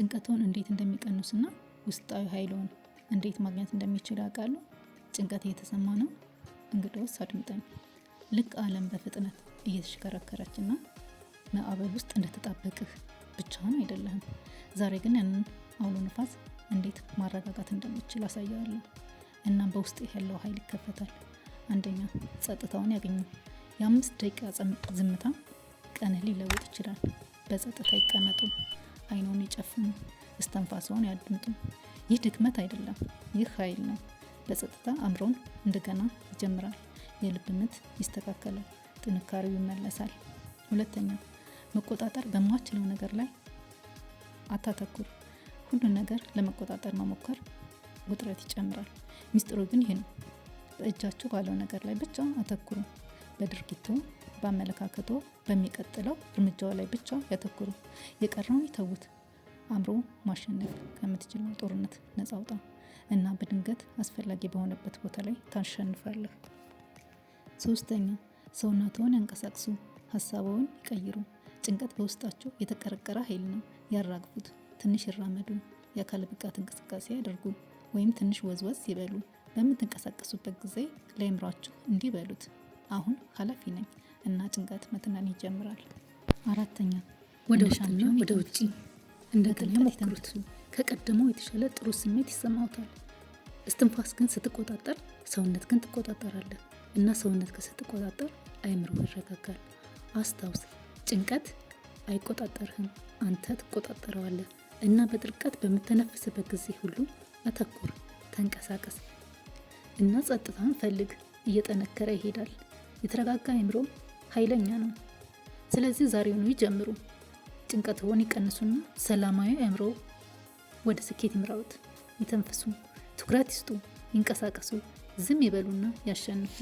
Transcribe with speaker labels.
Speaker 1: ጭንቀትን እንዴት እንደሚቀንሱና ውስጣዊ ኃይልን እንዴት ማግኘት እንደሚችሉ ያውቃሉ? ጭንቀት እየተሰማ ነው? እንግዲያውስ አድምጠን። ልክ ዓለም በፍጥነት እየተሽከረከረችና ማዕበል ውስጥ እንደተጣበቅህ ብቻህን አይደለህም። ዛሬ ግን ያንን አውሎ ነፋስ እንዴት ማረጋጋት እንደሚችል አሳያለሁ። እናም በውስጥ ያለው ኃይል ይከፈታል። አንደኛ፣ ጸጥታውን ያገኙ። የአምስት ደቂቃ ዝምታ ቀንህ ሊለውጥ ይችላል። በጸጥታ ይቀመጡ። አይኑን ይጨፍኑ፣ እስተንፋሰውን ያድምጡ። ይህ ድክመት አይደለም፣ ይህ ኃይል ነው። በጸጥታ አእምሮን እንደገና ይጀምራል። የልብ ምት ይስተካከላል፣ ጥንካሬው ይመለሳል። ሁለተኛ መቆጣጠር በማችለው ነገር ላይ አታተኩር። ሁሉን ነገር ለመቆጣጠር መሞከር ውጥረት ይጨምራል። ሚስጥሩ ግን ይህ ነው። በእጃችሁ ባለው ነገር ላይ ብቻ አተኩሩ። በድርጊቱ በአመለካከቶ በሚቀጥለው እርምጃው ላይ ብቻ ያተኩሩ። የቀረውን ይተዉት። አእምሮ ማሸነፍ ከምትችለው ጦርነት ነጻ አውጣ እና በድንገት አስፈላጊ በሆነበት ቦታ ላይ ታሸንፋለህ። ሶስተኛ ሰውነትዎን ያንቀሳቅሱ፣ ሀሳብዎን ይቀይሩ። ጭንቀት በውስጣቸው የተቀረቀረ ኃይል ነው። ያራግፉት። ትንሽ ይራመዱ፣ የአካል ብቃት እንቅስቃሴ ያደርጉ ወይም ትንሽ ወዝወዝ ይበሉ። በምትንቀሳቀሱበት ጊዜ ለአእምሯችሁ እንዲህ በሉት አሁን ኃላፊ ነኝ እና ጭንቀት መትናን ይጀምራል። አራተኛ ወደ ውስጥና ወደ ውጭ እንደገና ሞክሩት። ከቀደመው የተሻለ ጥሩ ስሜት ይሰማውታል። እስትንፋስ ግን ስትቆጣጠር፣ ሰውነት ግን ትቆጣጠራለህ እና ሰውነት ግን ስትቆጣጠር አይምሮ ይረጋጋል። አስታውስ፣ ጭንቀት አይቆጣጠርህም፣ አንተ ትቆጣጠረዋለህ እና በጥልቀት በምተነፍስበት ጊዜ ሁሉ አተኩር፣ ተንቀሳቀስ እና ጸጥታን ፈልግ። እየጠነከረ ይሄዳል። የተረጋጋ አይምሮ ኃይለኛ ነው። ስለዚህ ዛሬውኑ ይጀምሩ። ጭንቀትዎን ይቀንሱና ሰላማዊ አእምሮ ወደ ስኬት ይምራውት ይተንፍሱ፣ ትኩረት ይስጡ፣ ይንቀሳቀሱ፣ ዝም ይበሉና ያሸንፉ።